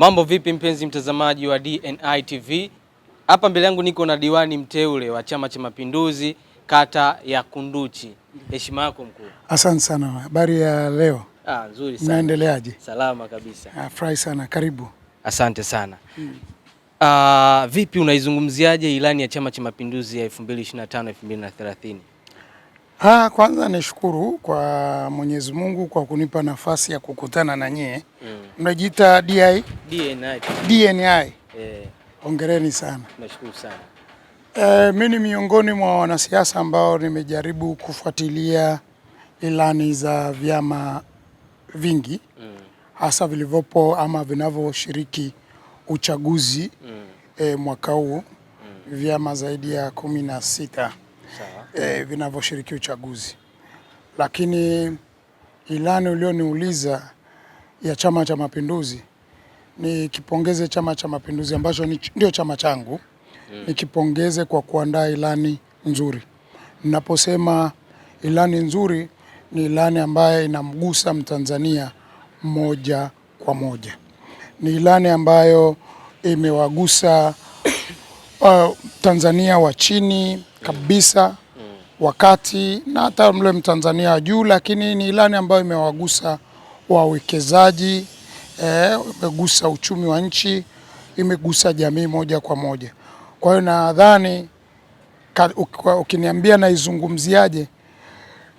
Mambo vipi mpenzi mtazamaji wa DNI TV? Hapa mbele yangu niko na diwani mteule wa Chama cha Mapinduzi kata ya Kunduchi. Heshima yako mkuu. Asante sana. Habari ya leo? Ah, nzuri sana. Naendeleaje? Salama kabisa. Ah, furahi sana. Karibu. Asante sana. Hmm. Ah, vipi unaizungumziaje ilani ya Chama cha Mapinduzi ya 2025 2030? Ha, kwanza nishukuru kwa Mwenyezi Mungu kwa kunipa nafasi ya kukutana na nyie. Mm. Mnajiita DI? DNI. DNI. Eh. Hongereni sana. Nashukuru sana. Eh, mimi ni miongoni mwa wanasiasa ambao nimejaribu kufuatilia ilani za vyama vingi mm. hasa vilivyopo ama vinavyoshiriki uchaguzi mm. eh, mwaka huu mm. vyama zaidi ya kumi na sita e, vinavyoshiriki uchaguzi. Lakini ilani ulioniuliza ya Chama cha Mapinduzi, nikipongeze Chama cha Mapinduzi ambacho ndio chama changu mm. Nikipongeze kwa kuandaa ilani nzuri. Ninaposema ilani nzuri ni ilani ambayo inamgusa Mtanzania moja kwa moja, ni ilani ambayo imewagusa uh, Tanzania wa chini kabisa wakati na hata mle Mtanzania wa juu, lakini ni ilani ambayo imewagusa wawekezaji eh, imegusa uchumi wa nchi, imegusa jamii moja kwa moja. Kwa hiyo nadhani ukiniambia naizungumziaje,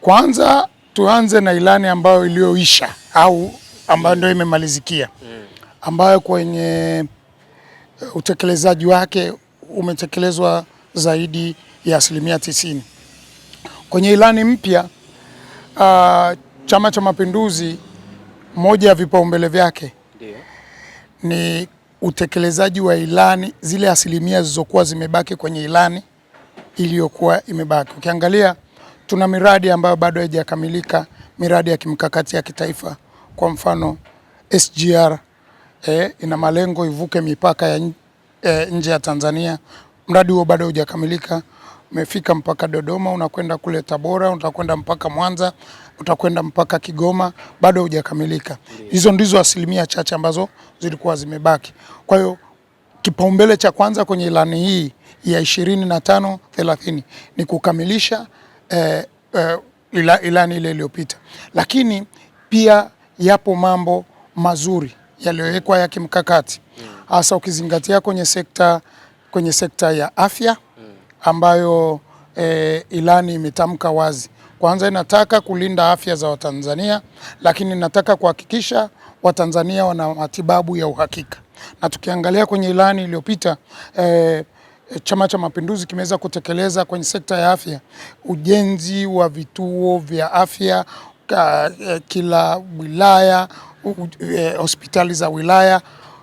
kwanza tuanze na ilani ambayo iliyoisha au ambayo ndio imemalizikia, mm. ambayo kwenye eh, utekelezaji wake umetekelezwa zaidi ya asilimia tisini. Kwenye ilani mpya uh, Chama cha Mapinduzi, moja ya vipaumbele vyake ni utekelezaji wa ilani zile asilimia zilizokuwa zimebaki kwenye ilani iliyokuwa imebaki. Ukiangalia tuna miradi ambayo bado haijakamilika, miradi ya kimkakati ya kitaifa, kwa mfano SGR eh, ina malengo ivuke mipaka ya eh, nje ya Tanzania. Mradi huo bado hujakamilika umefika mpaka Dodoma, unakwenda kule Tabora, utakwenda mpaka Mwanza, utakwenda mpaka Kigoma, bado hujakamilika. Hizo ndizo asilimia chache ambazo zilikuwa zimebaki. Kwa hiyo kipaumbele cha kwanza kwenye ilani hii ya ishirini na tano thelathini ni kukamilisha eh, eh, ilani ile iliyopita, lakini pia yapo mambo mazuri yaliyowekwa ya kimkakati mm. hasa ukizingatia kwenye sekta, kwenye sekta ya afya ambayo e, ilani imetamka wazi. Kwanza inataka kulinda afya za Watanzania, lakini inataka kuhakikisha Watanzania wana matibabu ya uhakika. Na tukiangalia kwenye ilani iliyopita e, Chama cha Mapinduzi kimeweza kutekeleza kwenye sekta ya afya ujenzi wa vituo vya afya eh, kila wilaya, hospitali za wilaya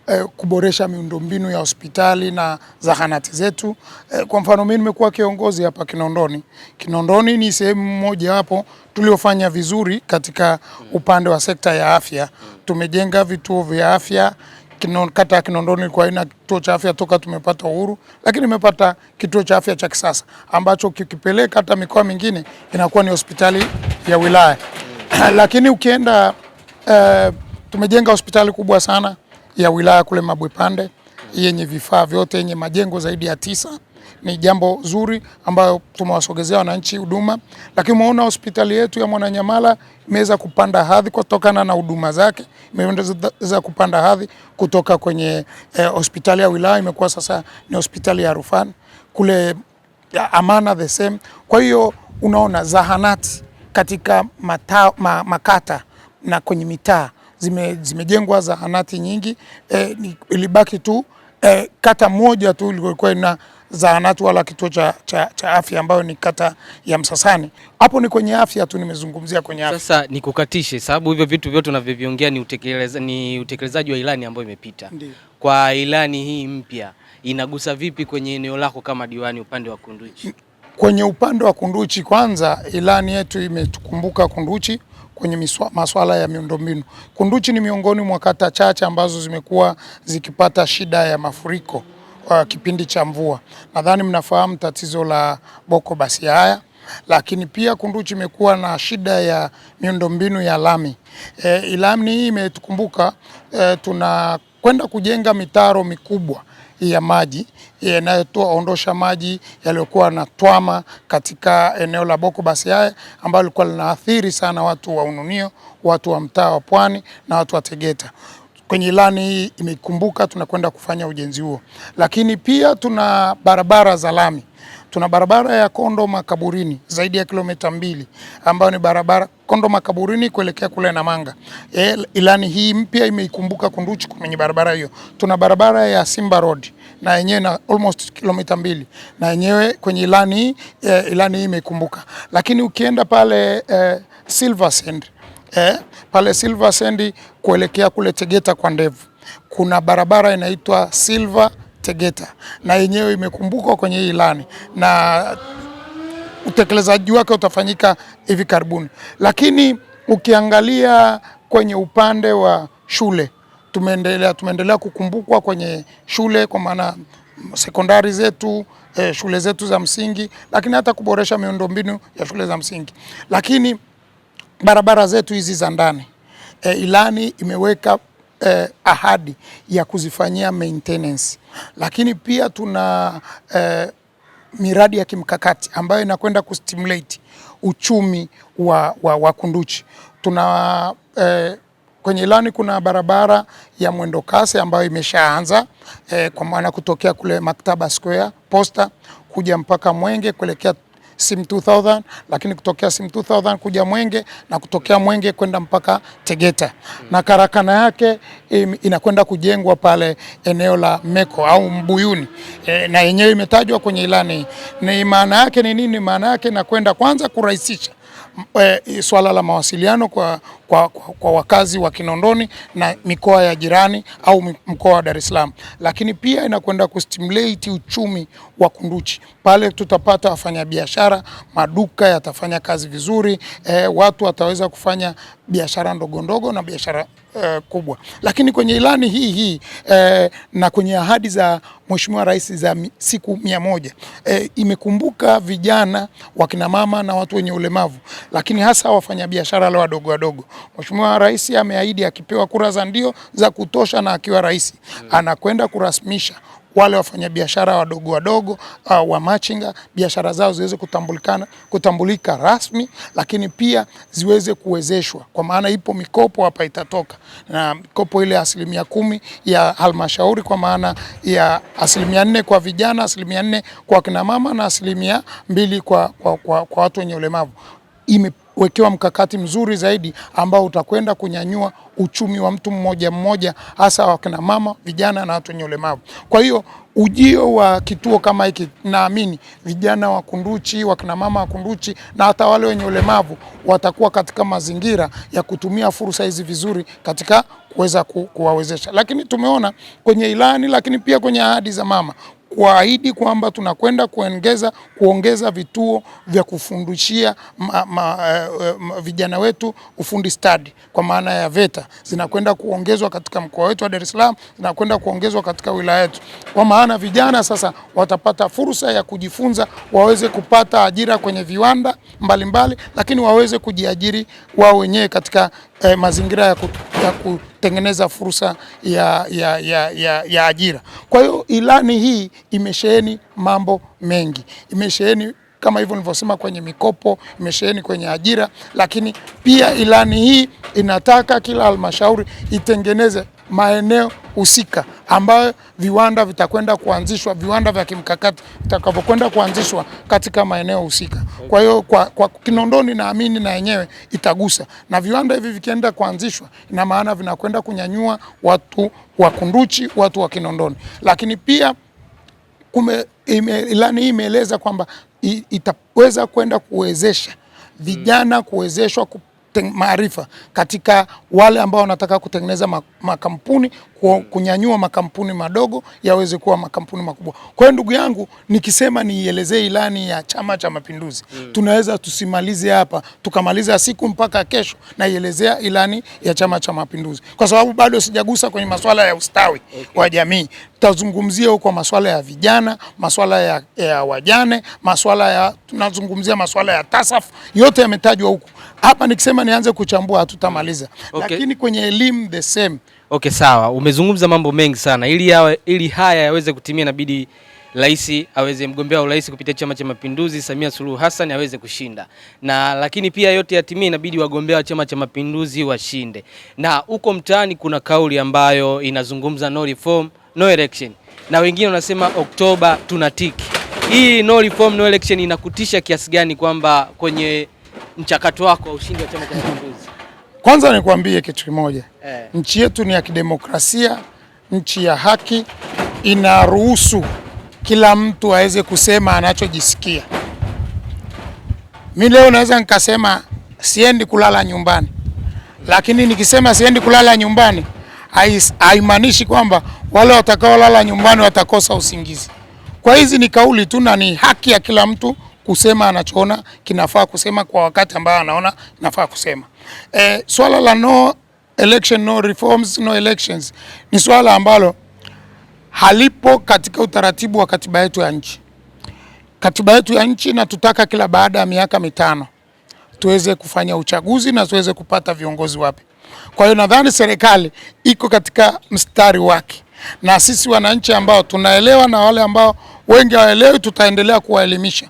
eh, kuboresha miundombinu ya hospitali na zahanati zetu. Eh, kwa mfano mimi nimekuwa kiongozi hapa Kinondoni. Kinondoni ni sehemu moja hapo tuliofanya vizuri katika upande wa sekta ya afya. Tumejenga vituo vya afya Kinon, kata ya Kinondoni kwa aina kituo cha afya toka tumepata uhuru, lakini imepata kituo cha afya cha kisasa ambacho kikipeleka hata mikoa mingine inakuwa ni hospitali ya wilaya. Lakini ukienda uh, tumejenga hospitali kubwa sana ya wilaya kule Mabwepande yenye vifaa vyote, yenye majengo zaidi ya tisa. Ni jambo zuri ambayo tumewasogezea wananchi huduma, lakini umeona hospitali yetu ya Mwananyamala imeweza kupanda hadhi kutokana na huduma zake, imeweza kupanda hadhi kutoka kwenye eh, hospitali ya wilaya imekuwa sasa ni hospitali ya rufani kule ya Amana the same. Kwa hiyo unaona zahanati katika mata, ma, makata na kwenye mitaa zime, zimejengwa zahanati nyingi e, ilibaki tu e, kata moja tu ilikuwa ina zahanati wala kituo cha, cha, cha afya ambayo ni kata ya Msasani. Hapo ni kwenye afya tu nimezungumzia kwenye afya. Sasa nikukatishe, sababu hivyo vitu vyote unavyoviongea ni utekelezaji ni utekelezaji wa ilani ambayo imepita. Kwa ilani hii mpya inagusa vipi kwenye eneo lako kama diwani upande wa Kunduchi? Kwenye upande wa Kunduchi, kwanza ilani yetu imetukumbuka Kunduchi kwenye masuala ya miundombinu. Kunduchi ni miongoni mwa kata chache ambazo zimekuwa zikipata shida ya mafuriko kwa uh, kipindi cha mvua. Nadhani mnafahamu tatizo la Boko basi haya lakini pia Kunduchi imekuwa na shida ya miundombinu ya lami. E, ilani hii imetukumbuka e, tuna kwenda kujenga mitaro mikubwa ya maji yanayotoa ondosha maji yaliyokuwa na twama katika eneo la Boko Basiaye ambalo lilikuwa linaathiri sana watu wa Ununio, watu wa mtaa wa Pwani na watu wa Tegeta. Kwenye ilani hii imekumbuka, tunakwenda kufanya ujenzi huo, lakini pia tuna barabara za lami Tuna barabara ya Kondo Makaburini zaidi ya kilomita mbili ambayo ni barabara Kondo Makaburini kuelekea kule Namanga. E, ilani hii mpya imeikumbuka Kunduchi kwenye barabara hiyo. Tuna barabara ya Simba Road na yenyewe na almost kilomita mbili na yenyewe kwenye ilani e, ilani hii imeikumbuka. Lakini ukienda pale e, Silver Sand e, pale Silver Sand kuelekea kule Tegeta kwa Ndevu kuna barabara inaitwa Silver Tegeta na yenyewe imekumbukwa kwenye ilani na utekelezaji wake utafanyika hivi karibuni. Lakini ukiangalia kwenye upande wa shule tumeendelea tumeendelea kukumbukwa kwenye shule kwa maana sekondari zetu eh, shule zetu za msingi, lakini hata kuboresha miundombinu ya shule za msingi, lakini barabara zetu hizi za ndani eh, ilani imeweka eh, ahadi ya kuzifanyia maintenance, lakini pia tuna eh, miradi ya kimkakati ambayo inakwenda kustimulate uchumi wa, wa, wa Kunduchi. Tuna eh, kwenye ilani kuna barabara ya mwendo kasi ambayo imeshaanza eh, kwa maana kutokea kule Maktaba Square Posta kuja mpaka Mwenge kuelekea Sim 2000 lakini kutokea Sim 2000 kuja Mwenge na kutokea Mwenge kwenda mpaka Tegeta hmm. na karakana yake inakwenda kujengwa pale eneo la Meko au Mbuyuni e, na yenyewe imetajwa kwenye ilani. Ni maana yake ni nini? Maana yake inakwenda kwanza kurahisisha E, swala la mawasiliano kwa kwa, kwa, kwa wakazi wa Kinondoni na mikoa ya jirani au mkoa wa Dar es Salaam, lakini pia inakwenda kustimulate uchumi wa Kunduchi. Pale tutapata wafanyabiashara, maduka yatafanya kazi vizuri eh, watu wataweza kufanya biashara ndogo ndogo na biashara eh, kubwa. Lakini kwenye ilani hii hii eh, na kwenye ahadi za Mheshimiwa Rais za siku mia moja eh, imekumbuka vijana, wakinamama na watu wenye ulemavu, lakini hasa wafanyabiashara wale wadogo wadogo Mheshimiwa Rais ameahidi akipewa kura za ndio za kutosha na akiwa rais anakwenda kurasmisha wale wafanyabiashara wadogo wadogo uh, wa machinga biashara zao ziweze kutambulikana kutambulika rasmi, lakini pia ziweze kuwezeshwa, kwa maana ipo mikopo hapa itatoka, na mikopo ile asilimia kumi ya halmashauri, kwa maana ya asilimia nne kwa vijana, asilimia nne kwa kinamama na asilimia mbili kwa, kwa, kwa, kwa watu wenye ulemavu ime kuwekewa mkakati mzuri zaidi ambao utakwenda kunyanyua uchumi wa mtu mmoja mmoja, hasa wakina mama, vijana na watu wenye ulemavu. Kwa hiyo ujio wa kituo kama hiki, naamini vijana wa Kunduchi, wakina mama wa Kunduchi na hata wale wenye ulemavu watakuwa katika mazingira ya kutumia fursa hizi vizuri katika kuweza ku, kuwawezesha. Lakini tumeona kwenye ilani, lakini pia kwenye ahadi za mama kuahidi kwamba tunakwenda kuongeza kuongeza vituo vya kufundishia ma, ma, eh, ma, vijana wetu ufundi stadi kwa maana ya VETA zinakwenda kuongezwa katika mkoa wetu wa Dar es Salaam, zinakwenda kuongezwa katika wilaya yetu, kwa maana vijana sasa watapata fursa ya kujifunza, waweze kupata ajira kwenye viwanda mbalimbali mbali, lakini waweze kujiajiri wao wenyewe katika eh, mazingira ya, ku, ya kutengeneza fursa ya, ya, ya, ya, ya ajira. Kwa hiyo ilani hii imesheheni mambo mengi, imesheheni kama hivyo nilivyosema kwenye mikopo, imesheheni kwenye ajira, lakini pia ilani hii inataka kila halmashauri itengeneze maeneo husika ambayo viwanda vitakwenda kuanzishwa, viwanda vya kimkakati vitakavyokwenda kuanzishwa katika maeneo husika. Kwa hiyo kwa, kwa Kinondoni naamini na yenyewe itagusa, na viwanda hivi vikienda kuanzishwa, ina maana vinakwenda kunyanyua watu wa Kunduchi, watu wa Kinondoni, lakini pia kume, ime, ilani hii imeeleza kwamba itaweza kwenda kuwezesha vijana kuwezeshwa maarifa katika wale ambao wanataka kutengeneza makampuni kunyanyua makampuni madogo yaweze kuwa makampuni makubwa. Kwa hiyo ndugu yangu, nikisema niielezee ilani ya Chama cha Mapinduzi mm. tunaweza tusimalize hapa tukamaliza siku mpaka kesho naielezea ilani ya Chama cha Mapinduzi, kwa sababu bado sijagusa kwenye masuala ya ustawi okay. wa jamii. Tutazungumzia huko masuala ya vijana, masuala ya, ya wajane, masuala ya tunazungumzia masuala ya tasafu, yote yametajwa huku hapa nikisema nianze kuchambua hatutamaliza, okay. Lakini kwenye elimu the same. Okay, sawa, umezungumza mambo mengi sana. Ili, ya, ili haya yaweze kutimia inabidi rais aweze mgombea urais kupitia Chama cha Mapinduzi Samia Suluhu Hassan aweze kushinda, na lakini pia yote yatimie, inabidi wagombea wa Chama cha Mapinduzi washinde. Na huko mtaani kuna kauli ambayo inazungumza no reform, no election, na wengine wanasema Oktoba tunatiki. Hii no reform, no election inakutisha kiasi gani kwamba kwenye mchakato wako wa ushindi wa Chama cha Mapinduzi? Kwanza nikwambie kitu kimoja eh. Nchi yetu ni ya kidemokrasia, nchi ya haki, inaruhusu kila mtu aweze kusema anachojisikia. Mi leo naweza nikasema siendi kulala nyumbani, lakini nikisema siendi kulala nyumbani haimaanishi kwamba wale watakaolala nyumbani watakosa usingizi. Kwa hizi ni kauli tu na ni haki ya kila mtu kusema anachoona kinafaa kusema kwa wakati ambao anaona nafaa kusema. E, swala la no election no reforms no elections ni swala ambalo halipo katika utaratibu wa katiba yetu ya nchi. Katiba yetu ya nchi natutaka kila baada ya miaka mitano tuweze kufanya uchaguzi na tuweze kupata viongozi wapya. Kwa hiyo nadhani serikali iko katika mstari wake, na sisi wananchi ambao tunaelewa na wale ambao wengi hawaelewi, tutaendelea kuwaelimisha.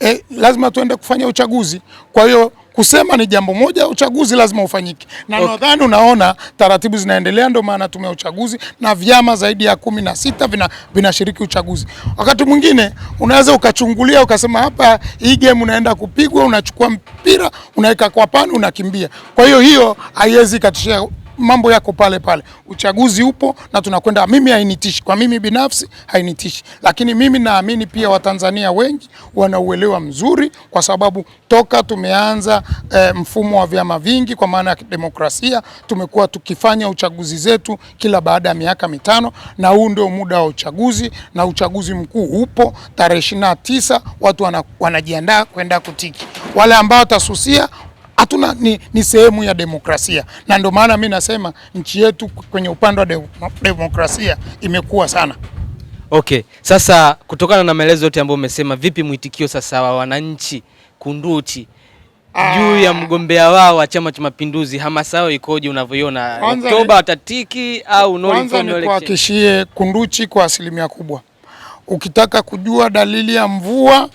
E, lazima tuende kufanya uchaguzi, kwa hiyo kusema ni jambo moja, uchaguzi lazima ufanyike na okay. Nadhani unaona taratibu zinaendelea, ndio maana tume ya uchaguzi na vyama zaidi ya kumi na sita vinashiriki vina uchaguzi. Wakati mwingine unaweza ukachungulia ukasema, hapa hii game unaenda kupigwa, unachukua mpira unaweka kwa pani, unakimbia. Kwa hiyo hiyo haiwezi ikatishia mambo yako pale pale, uchaguzi upo na tunakwenda. Mimi hainitishi, kwa mimi binafsi hainitishi, lakini mimi naamini pia Watanzania wengi wanauelewa mzuri, kwa sababu toka tumeanza e, mfumo wa vyama vingi kwa maana ya demokrasia, tumekuwa tukifanya uchaguzi zetu kila baada ya miaka mitano, na huu ndio muda wa uchaguzi, na uchaguzi mkuu upo tarehe 29, watu wanajiandaa kwenda kutiki. Wale ambao watasusia hatuna ni, ni sehemu ya demokrasia, na ndio maana mi nasema nchi yetu kwenye upande wa de, demokrasia imekuwa sana. Okay, sasa kutokana na maelezo yote ambayo umesema, vipi mwitikio sasa wa wananchi Kunduchi ah. juu ya mgombea wao wa Chama cha Mapinduzi, hamasa yao ikoje unavyoiona? Oktoba watatiki au no election? Kwanza nikuhakishie Kunduchi kwa asilimia kubwa, ukitaka kujua dalili ya mvua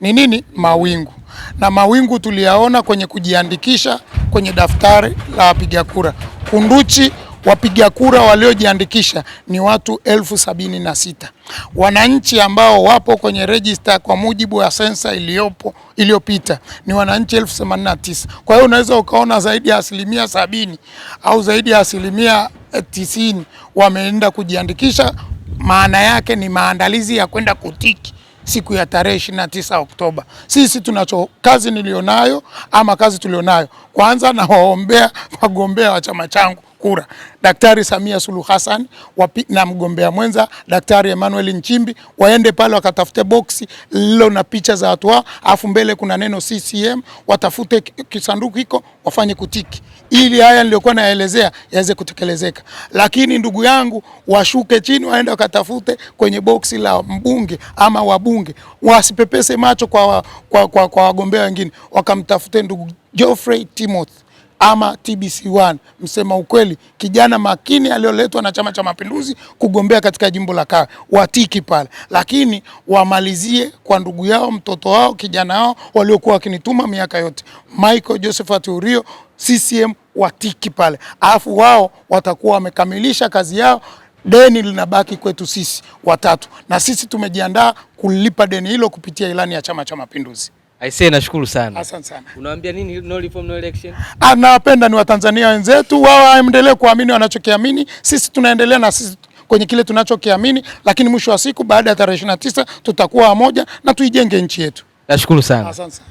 ni nini? Mawingu. Na mawingu tuliyaona kwenye kujiandikisha kwenye daftari la wapiga kura. Kunduchi wapiga kura waliojiandikisha ni watu elfu sabini na sita. Wananchi ambao wapo kwenye rejista kwa mujibu wa sensa iliyopo iliyopita ni wananchi elfu themanini na tisa. Kwa hiyo unaweza ukaona zaidi ya asilimia sabini au zaidi ya asilimia eh, tisini wameenda kujiandikisha. Maana yake ni maandalizi ya kwenda kutiki siku ya tarehe 29 Oktoba. Sisi tunacho kazi nilionayo ama kazi tulionayo, kwanza nawaombea wagombea wa chama changu kura Daktari Samia Suluhu Hassan na mgombea mwenza Daktari Emmanuel Nchimbi waende pale wakatafute boksi lilo na picha za watu wao, afu mbele kuna neno CCM, watafute kisanduku hiko wafanye kutiki, ili haya niliyokuwa naelezea yaweze kutekelezeka. Lakini ndugu yangu, washuke chini, waende wakatafute kwenye boksi la mbunge ama wabunge, wasipepese macho kwa wagombea kwa, kwa, wagombea wengine, wakamtafute ndugu Geoffrey Timothy ama TBC1. Msema ukweli, kijana makini aliyoletwa na Chama cha Mapinduzi kugombea katika jimbo la Kawe watiki pale, lakini wamalizie kwa ndugu yao, mtoto wao, kijana wao waliokuwa wakinituma miaka yote, Michael Josephat Urio, CCM watiki pale, alafu wao watakuwa wamekamilisha kazi yao. Deni linabaki kwetu sisi watatu, na sisi tumejiandaa kulipa deni hilo kupitia ilani ya Chama cha Mapinduzi. Aisee, nashukuru sana. Asante sana. Unawaambia nini no reform no election? Ah, ni Watanzania wenzetu, wao waendelee kuamini wanachokiamini, sisi tunaendelea na sisi kwenye kile tunachokiamini, lakini mwisho wa siku baada ya tarehe 29 tutakuwa moja na tuijenge nchi yetu. Nashukuru sana. Asante sana.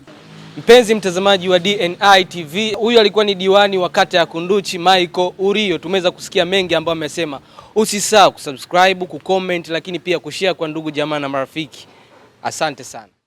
Mpenzi mtazamaji wa DNI TV, huyu alikuwa ni diwani wa kata ya Kunduchi Michael Urio. Tumeweza kusikia mengi ambayo amesema. Usisahau kusubscribe, kucomment, lakini pia kushare kwa ndugu jamaa na marafiki. Asante sana.